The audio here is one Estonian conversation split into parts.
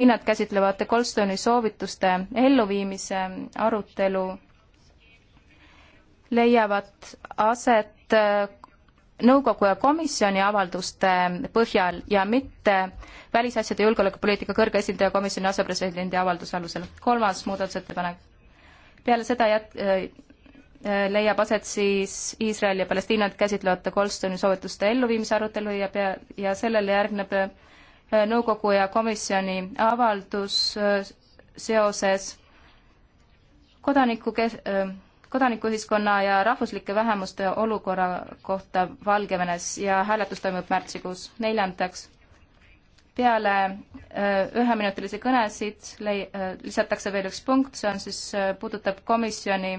hinnad käsitlevate Goldstone'i soovituste elluviimise arutelu leiavad aset äh, nõukogu ja komisjoni avalduste põhjal ja mitte välisasjade julgeolekupoliitika kõrge esindaja komisjoni asepresidendi avalduse alusel. kolmas muudatusettepanek. peale seda jät-, äh, äh, leiab aset siis Iisraeli ja Palestiinat käsitlevate Goldstone'i soovituste elluviimise arutelu ja pea, ja sellele järgneb Äh, nõukogu ja komisjoni avaldus äh, seoses kodaniku, äh, kodanikuühiskonna ja rahvuslike vähemuste olukorra kohta Valgevenes ja hääletus toimub märtsikuus. neljandaks, peale üheminutilisi kõnesid lei-, lisatakse veel üks punkt, see on siis, puudutab komisjoni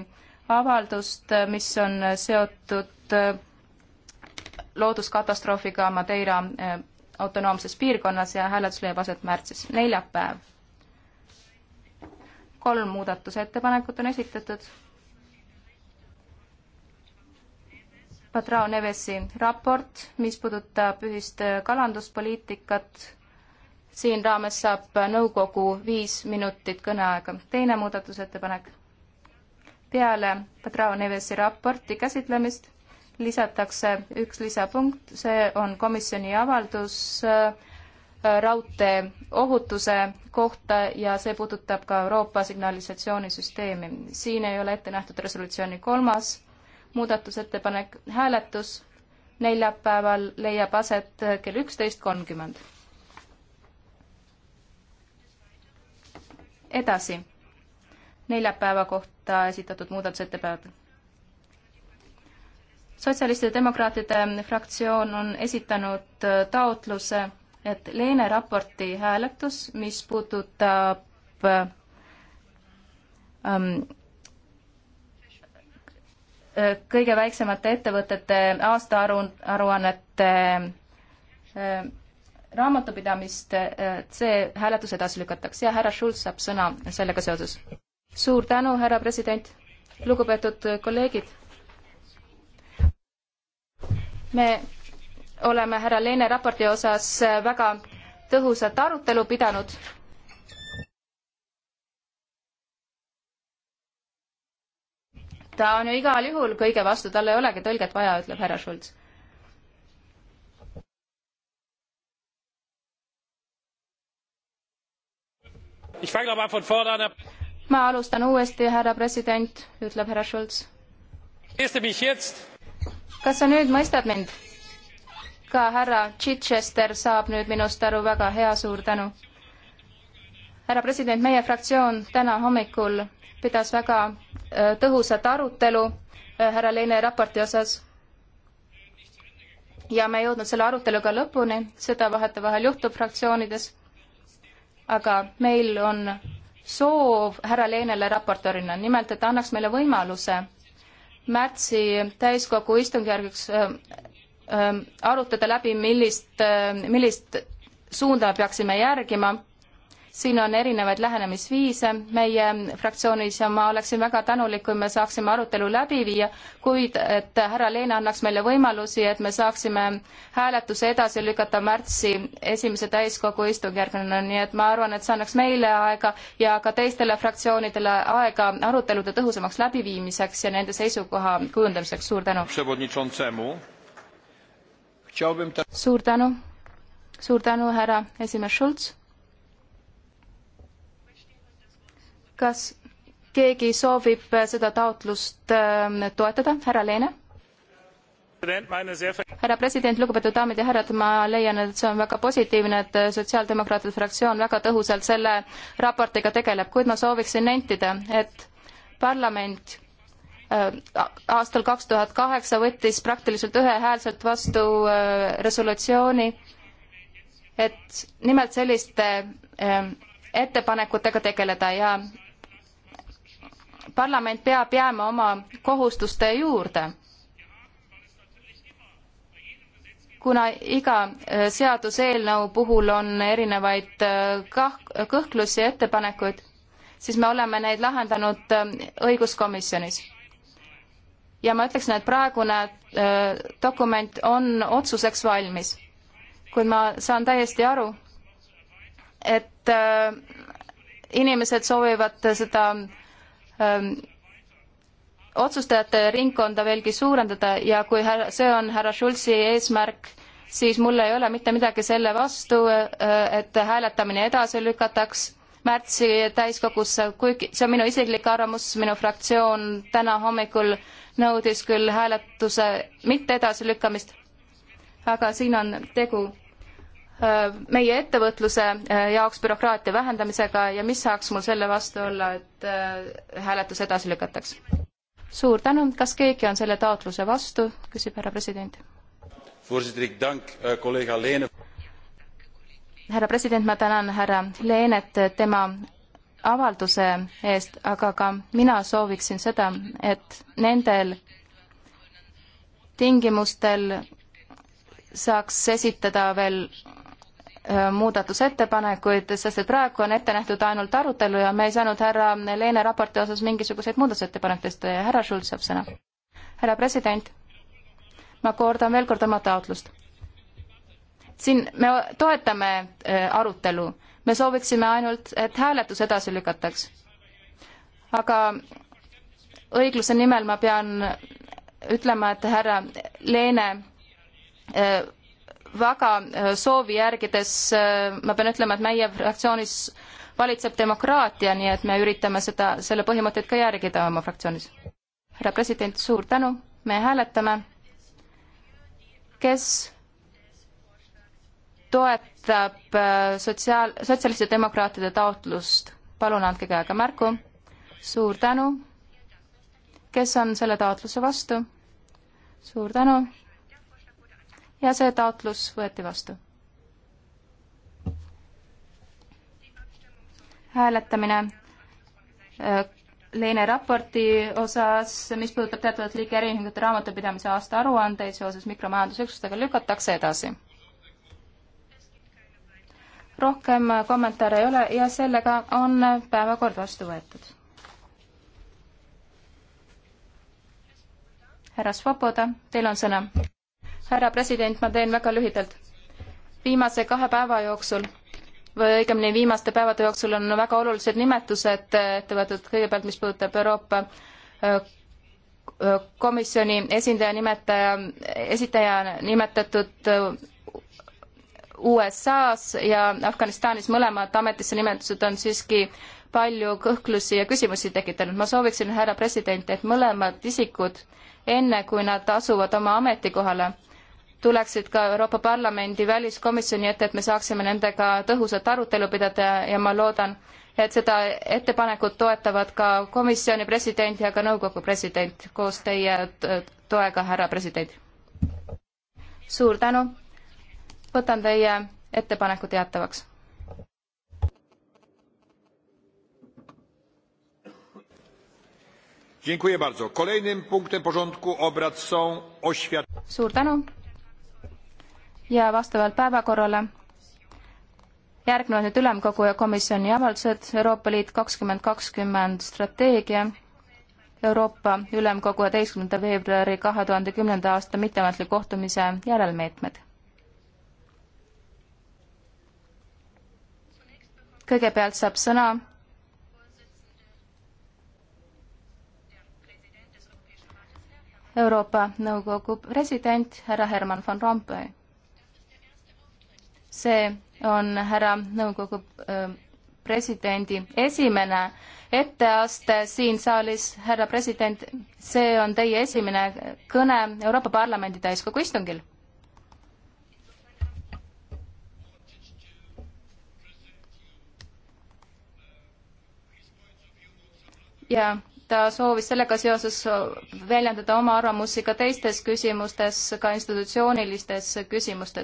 avaldust, mis on seotud looduskatastroofiga Madeira autonoomses piirkonnas ja hääletus leiab aset märtsis, neljapäev. kolm muudatusettepanekut on esitatud. Patrao Nevesi raport, mis puudutab ühist kalanduspoliitikat, siin raames saab nõukogu viis minutit kõneaega. teine muudatusettepanek. peale Patrao Nevesi raporti käsitlemist lisatakse üks lisapunkt, see on komisjoni avaldus äh, raudtee ohutuse kohta ja see puudutab ka Euroopa signalisatsioonisüsteemi. siin ei ole ette nähtud resolutsiooni kolmas muudatusettepanek, hääletus neljapäeval leiab aset kell üksteist kolmkümmend. edasi, neljapäeva kohta esitatud muudatusettepanekud sotsialistide demokraatide fraktsioon on esitanud äh, taotluse, et Leene raporti hääletus, mis puudutab äh, ähm, äh, kõige väiksemate ettevõtete aastaaruannete äh, raamatupidamist äh,, see hääletus edasi lükatakse ja härra Schulz saab sõna sellega seoses. suur tänu, härra president, lugupeetud kolleegid me oleme härra Leene raporti osas väga tõhusat arutelu pidanud. ta on ju igal juhul kõige vastu, tal ei olegi tõlget vaja, ütleb härra Schulz. ma alustan uuesti, härra president, ütleb härra Schulz kas sa nüüd mõistad mind? ka härra Chichester saab nüüd minust aru väga hea, suur tänu. härra president, meie fraktsioon täna hommikul pidas väga äh, tõhusat arutelu äh, härra Leine raporti osas ja me ei jõudnud selle aruteluga lõpuni, seda vahetevahel juhtub fraktsioonides. aga meil on soov härra Leenele raportorina, nimelt et ta annaks meile võimaluse märtsi täiskogu istungjärgiks arutada läbi, millist, millist suunda peaksime järgima siin on erinevaid lähenemisviise meie fraktsioonis ja ma oleksin väga tänulik, kui me saaksime arutelu läbi viia, kuid et härra Leena annaks meile võimalusi, et me saaksime hääletuse edasi lükata märtsi esimese täiskogu istungjärguna, nii et ma arvan, et see annaks meile aega ja ka teistele fraktsioonidele aega arutelude tõhusamaks läbiviimiseks ja nende seisukoha kujundamiseks, suur tänu! suur tänu, suur tänu, härra esimees Schulz! kas keegi soovib äh, seda taotlust ähm, toetada, härra Leene? härra president, lugupeetud daamid ja härrad, ma leian, et see on väga positiivne, et äh, Sotsiaaldemokraatide fraktsioon väga tõhusalt selle raportiga tegeleb, kuid ma sooviksin nentida, et parlament äh, aastal kaks tuhat kaheksa võttis praktiliselt ühehäälselt vastu resolutsiooni, et nimelt selliste ettepanekutega tegeleda ja parlament peab jääma oma kohustuste juurde. kuna iga äh, seaduseelnõu puhul on erinevaid äh, kah-, kõhklusi ja ettepanekuid, siis me oleme neid lahendanud äh, õiguskomisjonis. ja ma ütleksin, et praegune dokument on otsuseks valmis. kuid ma saan täiesti aru, et inimesed soovivad seda Ähm, otsustajate ringkonda veelgi suurendada ja kui see on härra Schulzi eesmärk, siis mul ei ole mitte midagi selle vastu, äh, et hääletamine edasi lükataks märtsi täiskogusse, kuigi see on minu isiklik arvamus, minu fraktsioon täna hommikul nõudis küll hääletuse mitte edasilükkamist, aga siin on tegu Äh, meie ettevõtluse äh, jaoks bürokraatia vähendamisega ja mis saaks mul selle vastu olla, et äh, hääletus edasi lükataks? suur tänu, kas keegi on selle taotluse vastu, küsib härra president. Eh, härra president, ma tänan härra Leenet tema avalduse eest, aga ka mina sooviksin seda, et nendel tingimustel saaks esitada veel Äh, muudatusettepanekuid, sest et praegu on ette nähtud ainult arutelu ja me ei saanud härra Leene raporti osas mingisuguseid muudatusettepanekuid, sest härra Schulz saab sõna. härra president, ma kordan veel kord oma taotlust. siin me toetame äh, arutelu, me sooviksime ainult, et hääletus edasi lükataks. aga õigluse nimel ma pean ütlema, et härra Leene äh, väga äh, soovi järgides äh, ma pean ütlema, et meie fraktsioonis valitseb demokraatia, nii et me üritame seda, selle põhimõtteid ka järgida oma fraktsioonis. härra president, suur tänu, me hääletame. kes toetab äh, sotsiaal, sotsialistide demokraatide taotlust, palun andke käega märku. suur tänu. kes on selle taotluse vastu? suur tänu ja see taotlus võeti vastu. hääletamine äh, Leene raporti osas, mis puudutab teatavat liiki äriühingute raamatupidamise aasta aruandeid seoses mikromajandusüksustega, lükatakse edasi. rohkem kommentaare ei ole ja sellega on päevakord vastu võetud. härra Svoboda, teil on sõna härra president, ma teen väga lühidalt. viimase kahe päeva jooksul või õigemini viimaste päevade jooksul on väga olulised nimetused eh, ette võetud, kõigepealt mis puudutab Euroopa eh, eh, komisjoni esindaja nimetaja, esitaja nimetatud USA-s ja Afganistanis mõlemad ametisse nimetused on siiski palju kõhklusi ja küsimusi tekitanud. ma sooviksin, härra president, et mõlemad isikud, enne kui nad asuvad oma ametikohale, tuleksid ka Euroopa Parlamendi väliskomisjoni ette, et me saaksime nendega tõhusat arutelu pidada ja ma loodan, et seda ettepanekut toetavad ka komisjoni president ja ka nõukogu president koos teie toega, härra president. suur tänu, võtan teie ettepaneku teatavaks. suur tänu ja vastavalt päevakorrale järgnevad nüüd Ülemkogu ja komisjoni avaldused Euroopa Liit kakskümmend kakskümmend strateegia, Euroopa Ülemkogu üheteistkümnenda veebruari kahe tuhande kümnenda aasta mitteametliku kohtumise järelmeetmed. kõigepealt saab sõna Euroopa Nõukogu president härra Herman van Rompuy see on härra nõukogu äh, presidendi esimene etteaste siin saalis, härra president, see on teie esimene kõne Euroopa Parlamendi täiskogu istungil. ja ta soovis sellega seoses väljendada oma arvamusi ka teistes küsimustes, ka institutsioonilistes küsimustes.